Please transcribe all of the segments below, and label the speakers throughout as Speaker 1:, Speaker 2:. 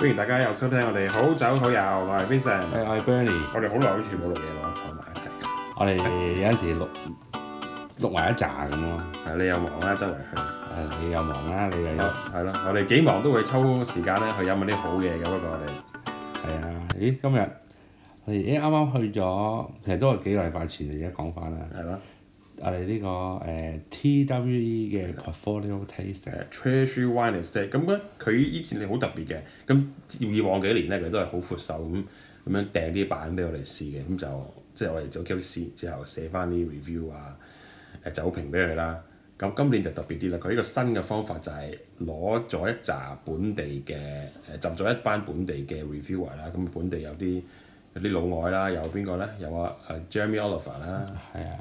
Speaker 1: 歡迎大家又收聽我哋好酒好友，我係 Vinson 我係 Bernie，我哋好耐好似冇錄嘢咯，坐埋一齊。我哋有陣時錄，錄埋一紮咁咯。誒，你又忙啦、啊，周圍去。誒，你又忙啦、啊，你又要。係咯，我哋幾忙都會抽時間咧去飲下啲好嘢嘅。不過我哋係啊。咦，今日我哋咦啱啱去咗，其實都係幾個禮拜前，而家講翻啦。係咯。我哋呢個誒 TWE 嘅 Portfolio Taster Treasury Wine Estate 咁咧，佢以前你好特別嘅，咁以往幾年咧佢都係好闊手咁咁樣訂啲版俾我哋試嘅，咁就即係我哋就 keep 住之後寫翻啲 review 啊，誒、呃、酒評俾佢啦。咁今年就特別啲啦，佢呢個新嘅方法就係攞咗一紮本地嘅誒、呃，集咗一班本地嘅 reviewer 啦，咁本地有啲。有啲老外啦，有邊個咧？有啊 Jamie Oliver 啦，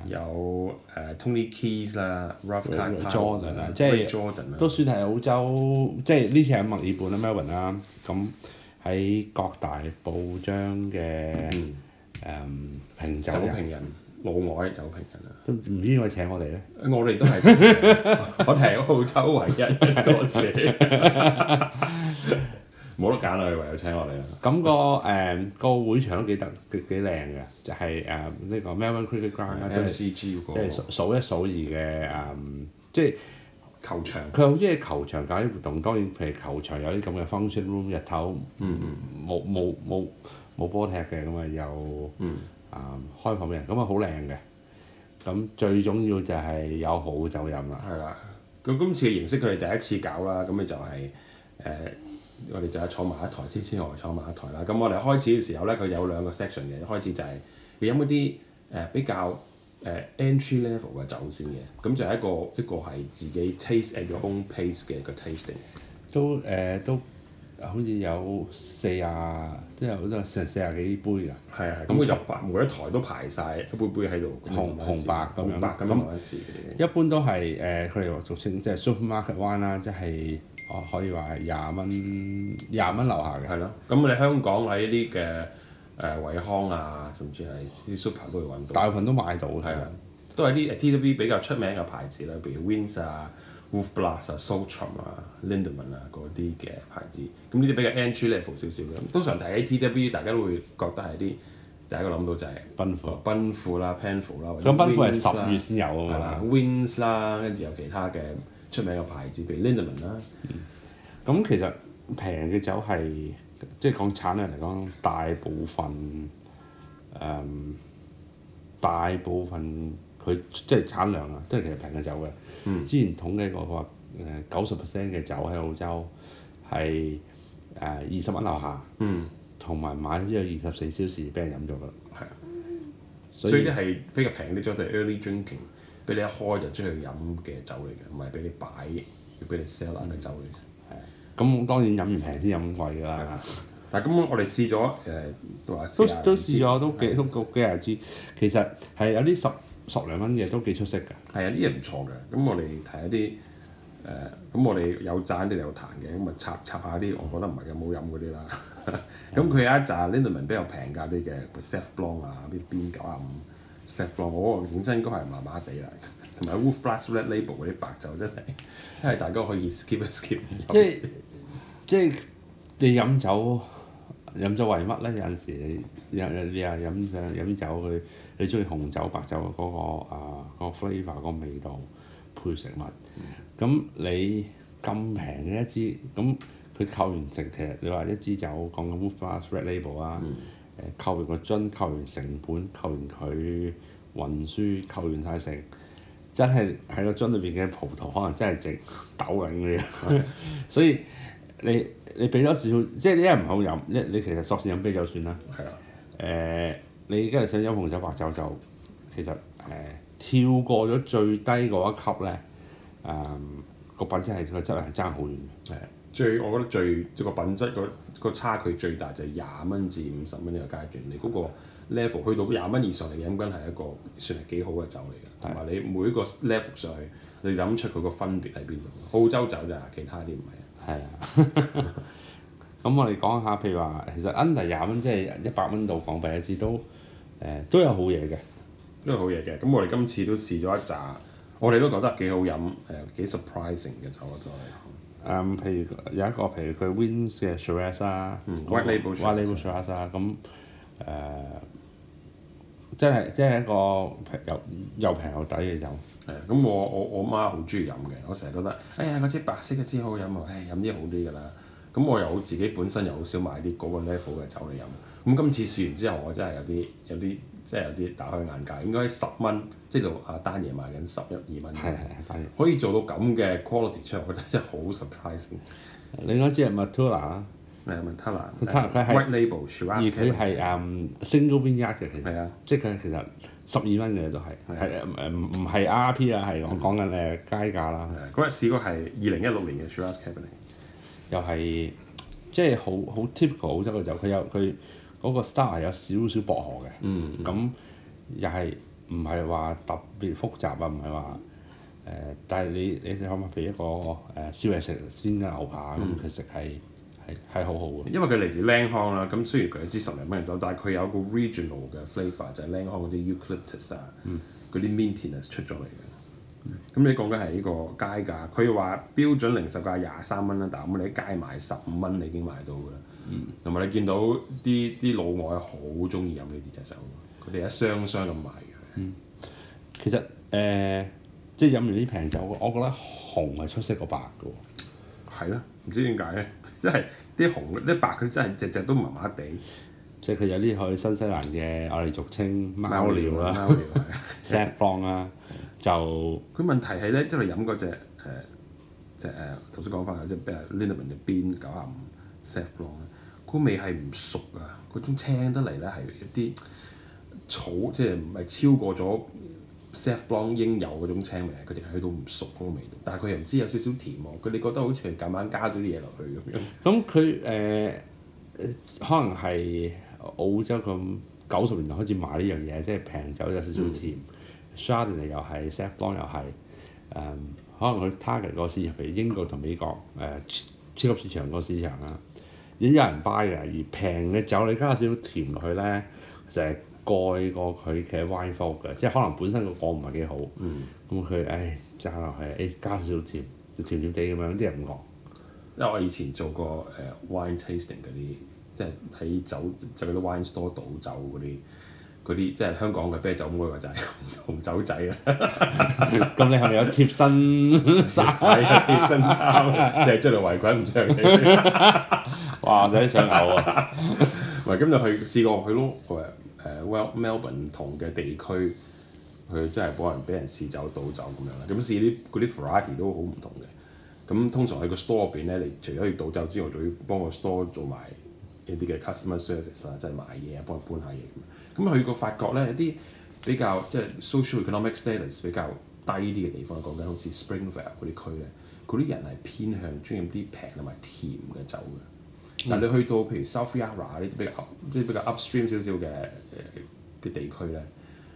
Speaker 1: 有誒 Tony Keys 啦，Ralph Jordan 啦，即係 Jordan 啦，都算係澳洲，即係呢次喺墨爾本啊 Melbourne 啦，咁喺各大報章嘅誒評酒評人老外酒評人啊，都唔知邊個請我哋咧？我哋都係我哋係澳洲唯一一個寫。冇得揀啦，唯有請我嚟啦。咁個誒個會場都幾得，幾幾靚嘅，就係誒呢個 Melbourne Cricket Ground，張 MCG，即係數一數二嘅誒，即係球場。佢好中意球場搞啲活動，當然譬如球場有啲咁嘅 function room，日頭嗯冇冇冇冇波踢嘅咁啊，又啊開放俾人，咁啊好靚嘅。咁最重要就係有好酒飲啦，係啦。咁今次嘅形式佢哋第一次搞啦，咁咪就係誒。我哋就係坐埋一台，千千外坐埋一台啦。咁我哋開始嘅時候咧，佢有兩個 section 嘅，一開始就係會飲一啲誒、呃、比較誒、呃、entry level 嘅酒先嘅。咁就係一個一個係自己 taste at your own pace 嘅一個 tasting。都誒、呃、都好似有四十，即係好多成四十幾杯啦。係啊，咁佢入埋每一台都排晒，一杯杯喺度，紅紅著白咁樣，咁嗰時。一般都係誒，佢哋俗稱即係 supermarket one 啦，即係。即哦，可以話係廿蚊，廿蚊樓下嘅。係咯，咁我哋香港喺呢啲嘅誒惠康啊，甚至係 Super 都可以搵到。大部分都買到，係啦，都係啲 TWE 比較出名嘅牌子啦，譬如 Wynns 啊、Wolf Blass 啊、Saltram 啊、Lindeman 啊嗰啲嘅牌子。咁呢啲比較 Entry Level 少少嘅。通常睇 TWE，大家都會覺得係啲第一個諗到就係奔富。奔富啦，Penfolds 啦。咁奔富係十月先有啊嘛。Wynns 啦，跟住有其他嘅。出名嘅牌子，譬如 Linderman 啦，咁、嗯、其實平嘅酒係即係講產量嚟講，大部分誒、嗯、大部分佢即係產量啊，即係其實平嘅酒嘅。嗯、之前統計過話誒，九十 percent 嘅酒喺澳洲係誒二十蚊樓下，同埋、嗯、買咗之後二十四小時俾人飲咗㗎。係啊、嗯，所以呢啲係比較平啲酒，就係 early drinking。俾你一開就出去飲嘅酒嚟嘅，唔係俾你擺，要俾你 sell 嘅酒嚟。嘅、嗯。啊的，咁當然飲完平先飲貴㗎啦。的的但係咁我哋試咗誒，都都試咗都幾都個幾廿支。其實係有啲十十零蚊嘅都幾出色㗎。係啊，啲嘢唔錯㗎。咁我哋睇一啲誒，咁、呃、我哋有讚啲又有彈嘅，咁咪插插下啲我覺得唔係咁好飲嗰啲啦。咁佢、嗯嗯、有一扎 Lindeman 比較平價啲嘅 Sauvignon Blanc 啊，啲 Bin 九啊五。Step f，我認真應該係麻麻地啦，同埋 Wolf Blass Red Label 嗰啲白酒真係，真係大家可以 skip 一 skip 即。 即係即係你飲酒飲酒為乜咧？有陣時，有有你話飲飲酒，佢你中意紅酒白酒嗰、個啊、個 flavor 個味道配食物。咁、嗯、你咁平嘅一支，咁佢扣完食其實你話一支酒講緊 Wolf Blass Red Label 啊、嗯。誒扣完個樽，扣完成本，扣完佢運輸，扣完曬成，真係喺個樽裏邊嘅葡萄可能真係值豆樣嘅嘢。 所以你你俾咗少，少，即係你一唔好飲，一你其實索性飲啤酒算啦。係啊的。誒、呃，你而家想飲紅酒白酒就，其實誒、呃、跳過咗最低嗰一級咧，誒、呃、個品質係個質量係爭好遠。係。最我覺得最即係個品質個差距最大就係廿蚊至五十蚊呢個階段，你嗰個 level 的去到廿蚊以上，你飲緊係一個算係幾好嘅酒嚟嘅。同埋的你每一個 level 上去，你飲出佢個分別喺邊度？澳洲酒就係其他啲唔係。係啊，咁我哋講下，譬如話，其實 under 廿蚊即係一百蚊到港幣一支都誒都有好嘢嘅，都有好嘢嘅。咁我哋今次都試咗一紮，我哋都覺得幾好飲，誒、呃、幾 surprising 嘅酒都係。誒、嗯，譬如有一個，譬如佢 Wins 嘅 Shuret 啊 Whiteley 嘅 Shuret 啊，咁誒，即係即係一個又又平又抵嘅酒。咁、嗯、我我我媽好中意飲嘅，我成日覺得，哎呀嗰支白色嘅支好飲喎，誒飲啲好啲㗎啦。咁我又好自己本身又好少買啲嗰個 level 嘅酒嚟飲。咁今次試完之後，我真係有啲有啲。即係有啲打開眼界，應該十蚊即係度啊單嘢賣緊十一二蚊，係係可以做到咁嘅 quality 出嚟，我覺得真係好 surprising。另外一隻係 Matula 係啊 Matula，Matula 佢係 white label，而佢係嗯 single vineyard 嘅，其實係啊，即係佢其實十二蚊嘅都係係誒唔唔係 RP 啊，係我講緊誒街價啦。嗰日試過係二零一六年嘅 Chardonnay 又係即係好好 typical 即佢就佢有佢。嗰個 star 有少少薄荷嘅，咁又係唔係話特別複雜啊？唔係話誒，但係你你可唔可以俾一個誒、呃、燒嘢食先嘅牛扒咁？嗯、其實係係係好好嘅。因為佢嚟自檸康啦，咁雖然佢一支十零蚊嘅酒，但係佢有一個 regional 嘅 flavor 就係檸康嗰啲 eucalyptus、嗯、啊，嗰啲 mintiness 出咗嚟嘅。咁、嗯嗯、你講緊係呢個街價，佢話標準零售價廿三蚊啦，但係咁你喺街買十五蚊，你已經買到㗎啦。嗯，同埋你見到啲啲老外好中意飲呢啲隻酒，佢哋一箱箱咁買嘅。嗯，其實誒，即係飲完啲平酒，我覺得紅係出色過白嘅。係咯、啊，唔知點解咧？即係啲紅啲白佢真係隻隻都麻麻地。即係佢有啲去新西蘭嘅，我哋俗稱貓尿啦、set farm 啦，就佢 問題係咧，即係飲嗰隻即隻誒頭先講翻嘅，即係比如 Lindeman 嘅 Bin 九十五。Sauvignon Blanc 嗰味係唔熟啊！嗰種青得嚟咧係一啲草，即係唔係超過咗 Sauvignon Blanc 應有嗰種青味，佢哋去到唔熟嗰個味道。但係佢又唔知有少少甜喎，佢哋覺得好似夾硬加咗啲嘢落去咁樣，嗯呃、樣。咁佢誒可能係澳洲咁九十年代開始賣呢樣嘢，即係平酒有少少甜 Chardonnay 又係 Sauvignon Blanc 又係誒、呃，可能佢 target 個市場係英國同美國誒。呃超級市場個市場啦，已經有人 buy 嘅。而平嘅酒你加少少甜落去咧，就係蓋過佢嘅 wine fault 嘅。即係可能本身個果唔係幾好，咁佢、嗯、唉炸落去，誒、哎、加少少甜，就甜甜地咁樣。啲人唔覺，因為我以前做過誒、uh, wine tasting 嗰啲，即係喺酒就嗰啲 wine store 倒酒嗰啲。嗰啲即係香港嘅啤酒妹或者、就係、紅酒仔啊！咁 你係咪有貼身衫？ 貼身衫即係着條圍裙唔着嘅？ 哇！真係想嘔啊！唔係今日去試過去咯，誒、uh, Well Melbourne 唔同嘅地區，佢真係冇人俾人試酒倒酒咁樣啦。咁試啲嗰啲 fratie 都好唔同嘅。咁通常喺個 store 入邊咧，你除咗要倒酒之外，仲要幫個 store 做埋，一啲嘅 customer service 啦，即係買嘢啊，幫佢搬下嘢咁。去過法國咧，有啲比較即係 social economic status 比較低啲嘅地方，講緊好似 Springvale 嗰啲區咧，嗰啲人係偏向中意飲啲平同埋甜嘅酒嘅。但係你去到譬如 South Yarra 呢啲比較啲、即係、比較 upstream 少少嘅嘅地區咧，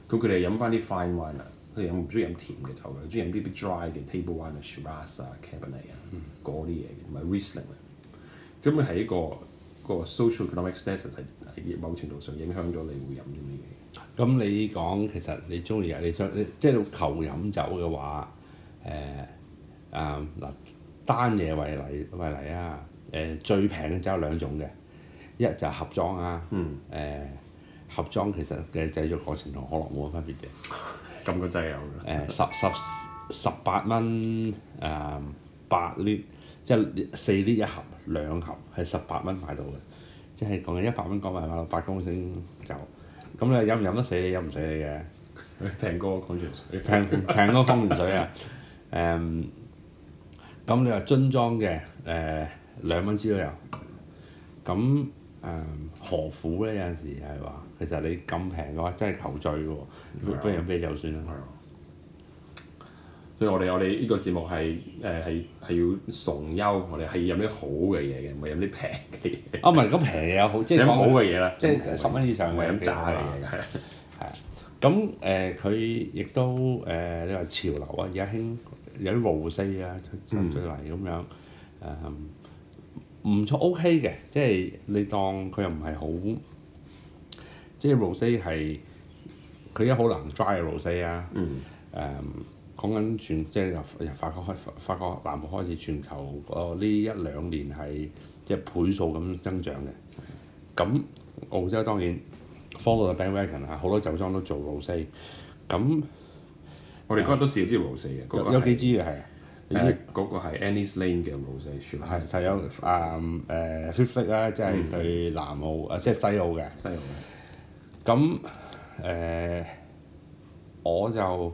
Speaker 1: 咁佢哋飲翻啲 fine wine, wine 啊，佢哋唔中意飲甜嘅酒嘅，中意飲呢啲 dry 嘅 table wine 啊、shi、嗯、raz 啊、Cabernet 啊嗰啲嘢，唔係 Riesling 咁佢係一個。個 social economic status 係係某程度上影響咗你會飲啲咩嘢。咁你講其實你中意啊，你想你即係求飲酒嘅話，誒啊嗱單嘢為例為例啊，誒、呃、最平嘅只有兩種嘅，一就係盒裝啊，誒盒、嗯呃、裝其實嘅製作過程同可樂冇乜分別嘅。咁個製造誒十十十八蚊誒、呃、八即係四啲一盒，兩盒係十八蚊買到嘅，即係講緊一百蚊講埋買八公升酒。咁你飲唔飲得死你？飲唔死你嘅。 平過礦泉水，平平哥礦泉水啊。誒、嗯，咁你話樽裝嘅誒兩蚊支都有。咁誒、嗯、何苦咧？有時係話，其實你咁平嘅話，真係求醉嘅喎。的不如飲啤酒算啦。我哋我哋呢個節目係誒係係要崇優，我哋係要飲啲好嘅嘢嘅，唔係飲啲平嘅。嘢、啊。哦，唔係，咁平又好，即係飲好嘅嘢啦，即係十蚊以上嘅飲會炸嘅。係 啊，咁誒佢亦都誒、呃、你話潮流啊，而家興有啲露西啊出嚟咁樣誒，唔錯 OK 嘅，即係你當佢又唔係好，即係露西係佢好難 dry 嘅露西啊，誒、嗯。啊嗯講緊全即係由由法國開法國南部開始，全球個呢、哦、一兩年係即係倍數咁增長嘅。咁澳洲當然、嗯、follow the bandwagon 啊，好多酒莊都做老西。咁我哋嗰日都試咗支老四嘅，嗯、有幾支嘅係。嗰、uh, 個係 Annie's Lane 嘅老西，係係有啊誒，Fifth Leg 啦，即係去南澳、嗯、啊，即係西澳嘅西澳嘅。咁誒，我就。我就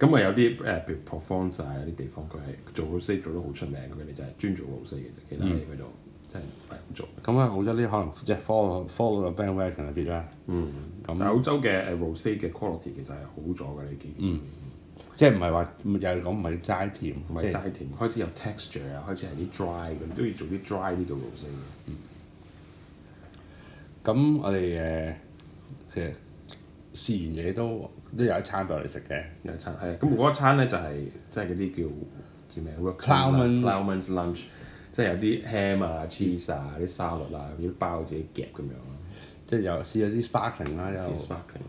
Speaker 1: 咁啊，有啲譬如 Provence 啊有啲地方，佢係做羅斯做得好出名，佢哋就係專做羅斯嘅，其他嘢佢就真係唔係好做。咁啊、嗯、那澳洲啲可能即係 follow follow 嘅 bandwagon 啊啲啦。嗯。咁。但係澳洲嘅誒羅斯嘅 quality 其實係好咗嘅，呢見。嗯。些嗯即係唔係話又係講唔係齋甜，唔係齋甜，就是、開始有 texture 啊，開始係啲 dry 咁，都要做啲 dry 呢種羅斯嘅。嗯。咁我哋誒其實。呃試試試完嘢都即係有一餐過嚟食嘅，一就是、s s 有一餐係咁嗰一餐咧就係即係嗰啲叫叫咩 Ploughman's lunch, Ploughman's lunch，即係有啲 ham 啊、cheese 啊、啲、嗯、沙律啊，咁啲包自己夾咁樣。即係又試咗啲 sparkling 啦，又 sparkling，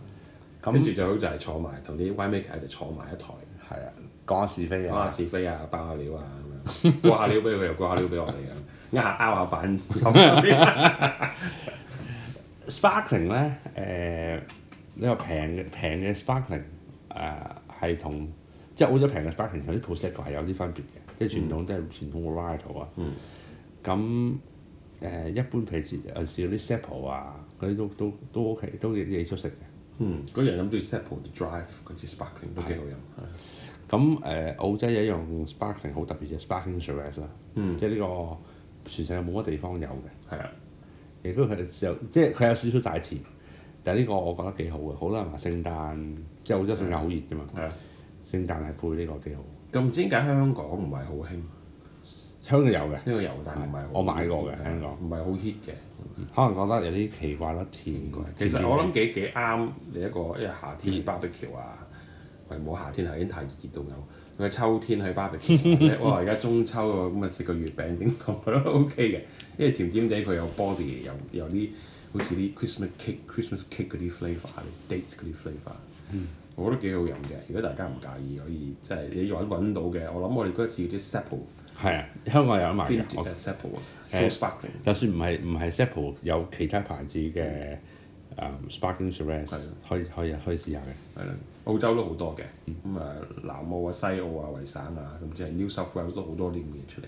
Speaker 1: 咁跟住就好就係坐埋同啲 winemaker 嘅就坐埋一台。係啊，講下是非啊，講下是非啊，爆下料啊咁樣，過下料俾佢，又過下料俾我哋啊，壓壓下飯。sparkling 咧，誒。呢個平嘅平嘅 sparkling 誒，係同即係澳洲平嘅 sparkling 有啲 Prosecco 係有啲分別嘅，即係傳統即係傳統 variety、嗯呃、啊。咁誒一般譬如有時啲 Seppelt 啊，嗰啲都都都 OK，都幾幾出色嘅。嗯，嗰樣飲到 Seppelt the drive 嗰支 sparkling 都幾好飲。咁誒、呃、澳洲有一樣 sparkling 好特別嘅 sparkling Shiraz 啦。嗯。即係呢個全世界冇乜地方有嘅。係啊的。亦都係時即係佢有少少大甜。但係呢個我覺得幾好嘅，好啦，聖誕即係好多聖誕好熱㗎嘛，聖誕係配呢個幾好。咁唔知點解香港唔係好興？香港有嘅，呢個油，但係唔係我買過嘅香港，唔係好 hit 嘅，可能覺得有啲奇怪啦，甜㗎、嗯。其實我諗幾幾啱你 fish, 一個，因為夏天芭比喬啊，喂冇夏天係已經太熱熱到有。去秋天喺芭比喬，我話而家中秋咁咪食個月餅點，我覺得 OK 嘅，因為甜甜地佢有 body，有有啲。好似啲 Christ Christmas cake flavor、嗯、Christmas cake 嗰啲 flavor date 嗰啲 flavor 我覺得幾好飲嘅。如果大家唔介意，可以即係你揾揾到嘅。我諗我哋嗰陣時啲 Apple 係啊，香港有得賣嘅。我覺得 Apple 啊、uh,Sparkling 就算唔係唔係 Apple 有其他牌子嘅、嗯 um, Sparkling Shiraz、啊、可以可以可以試下嘅。係啦、啊，澳洲都好多嘅。咁啊、嗯嗯，南澳啊、西澳啊、維省啊，甚至係 New South Wales 都好多呢啲嘢出嚟、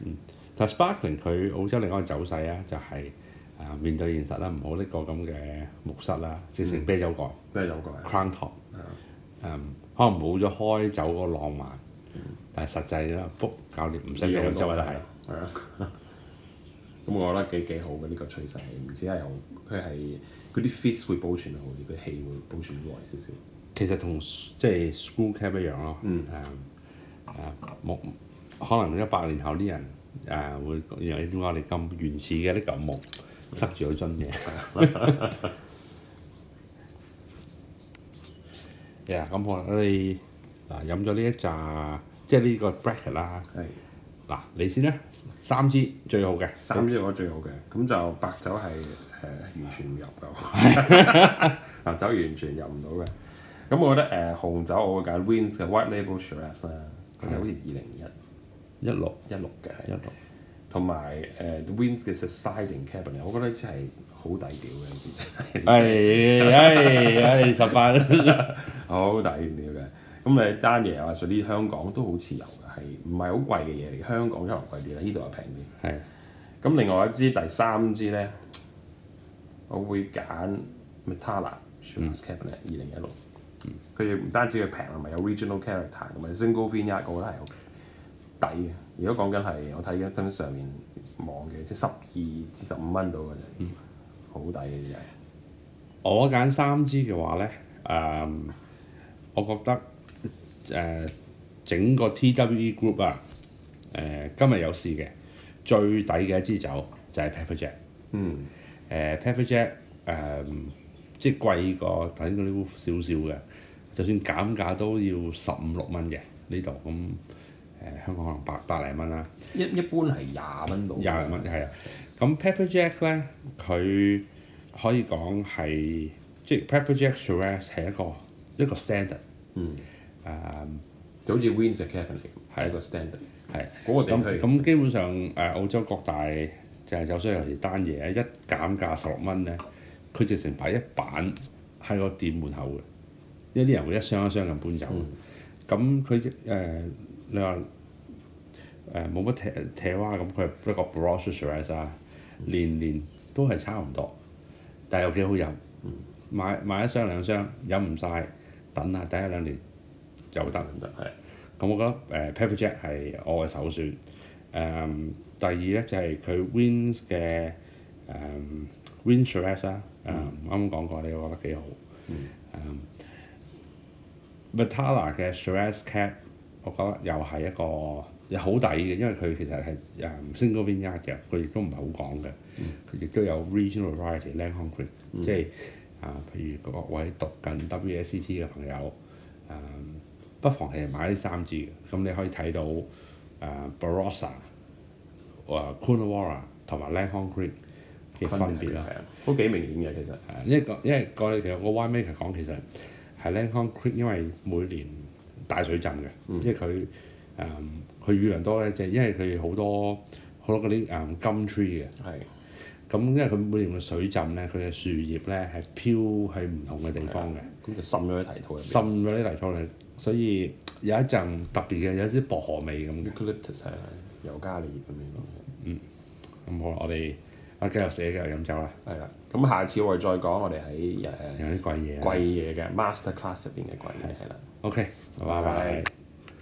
Speaker 1: 嗯。但係 Sparkling 佢澳洲另一個走勢啊，就係、是。就是面對現實啦，唔好呢個咁嘅木塞啦，變成啤酒蓋。啤酒蓋。Crown top、嗯、可能冇咗開酒嗰個浪漫，嗯、但係實際啦，福教練唔使周圍都係係啊。咁、嗯、 我覺得幾幾好嘅呢個趨勢，唔知係佢係嗰啲 fit 會保存好啲，佢氣會保存耐少少。其實同即係 screw cap m 一樣咯。嗯係木、嗯嗯嗯嗯嗯、可能一百年後啲人誒、啊、會用我哋咁原始嘅啲舊木。嗯。塞住佢樽嘢，呀咁好啦，我哋嗱飲咗呢一紮，即係呢個 bracket 啦。係是，嗱你先啦，三支最好嘅，三支我覺得最好嘅。咁那就白酒係誒完全唔入到，白 酒完全入唔到嘅。咁我覺得誒、呃、紅酒我會揀 Wins 嘅 White Label Shiraz 啦，佢係好似二零一，一六一六嘅。一六。同埋誒、uh, Wynns d 嘅實 Siding Cabernet 我覺得真係好抵屌嘅。呢係，唉，唉，十八，好抵屌嘅。咁誒單嘢話說，呢香港都好自由嘅，係唔係好貴嘅嘢嚟？香港可能貴啲啦，呢度係平啲。係是。咁另外一支第三支咧，我會揀 Metala Shiraz Cabernet、嗯、t 二零一六。佢哋唔單止係平，同埋有 Regional Character，同埋 Single Vineyard，我覺得係 OK，抵嘅。算算如果講緊係我睇緊身上面網嘅，即係十二至十五蚊到嘅啫，好抵嘅嘢。我揀三支嘅話咧，誒、嗯，我覺得誒、呃、整個 TWE Group 啊，誒、呃、今日有事嘅最抵嘅一支酒就係 Pepper Jack。嗯。誒、呃、Pepper Jack 誒、呃，即係貴過等嗰啲少少嘅，就算減價都要十五六蚊嘅呢度咁。誒、香港可能百百零蚊啦，一一般係廿蚊到。廿零蚊係啊，咁 Pepper Jack 咧，佢可以講係即、就是、Pepper Jack sure 係一個一個 standard，嗯，誒就好似 Winds 嘅 Cafe 嚟，係一的個 standard，係。嗰個地氣。咁咁那那基本上誒、 呃、澳洲各大就係有商有時單嘢一減價十六蚊咧，佢直成擺一板喺個店門口嘅，因為啲人會一箱一箱咁搬走，咁佢誒。呃呃你話誒冇乜摺摺歪咁，佢、嗯、一個 Barossa Shiraz 啊，年年都係差唔多，但係又幾好飲，買買一箱、兩箱，飲唔晒，等下等一兩年就得，係、嗯。咁我覺得誒是、呃、Pepper Jack 係我嘅首選，誒、嗯、第二咧就係佢 wins 嘅 wins Shiraz 啊，啱啱講過，你覺得幾好？誒 Metala 嘅 Shiraz Cab。我覺得又係一個好抵嘅，因為佢其實係誒、um, single vineyard 嘅，佢亦都唔係好講嘅，佢亦都有 regional variety Langhorne Creek，嗯、即係啊、呃、譬如各位讀緊 WSET 嘅朋友、呃、不妨其實買呢三支，咁你可以睇到誒、呃、Barossa 誒、呃、Coonawarra 同埋 Langhorne Creek 嘅分別啦，係啊，都幾明顯嘅其實係、啊、因為因為過其實個 winemaker 講其實係 Langhorne Creek 因為每年大水浸嘅，即係佢誒佢雨量多咧，就因為佢好、呃、多好多嗰啲誒金 e 嘅，咁因為佢、嗯、的每年嘅水浸咧，佢嘅樹葉咧係漂喺唔同嘅地方嘅，咁就滲咗啲泥土入邊。滲咗啲泥土入邊，所以有一陣特別嘅，有一啲薄荷味咁。e u c 尤加利葉咁樣。嗯，咁好啦，我哋啊繼續寫，繼續飲酒啦。係啦，咁下次我哋再講我哋喺誒有啲貴嘢貴嘢嘅 master class 入邊嘅貴嘢啦。的 OK，拜拜。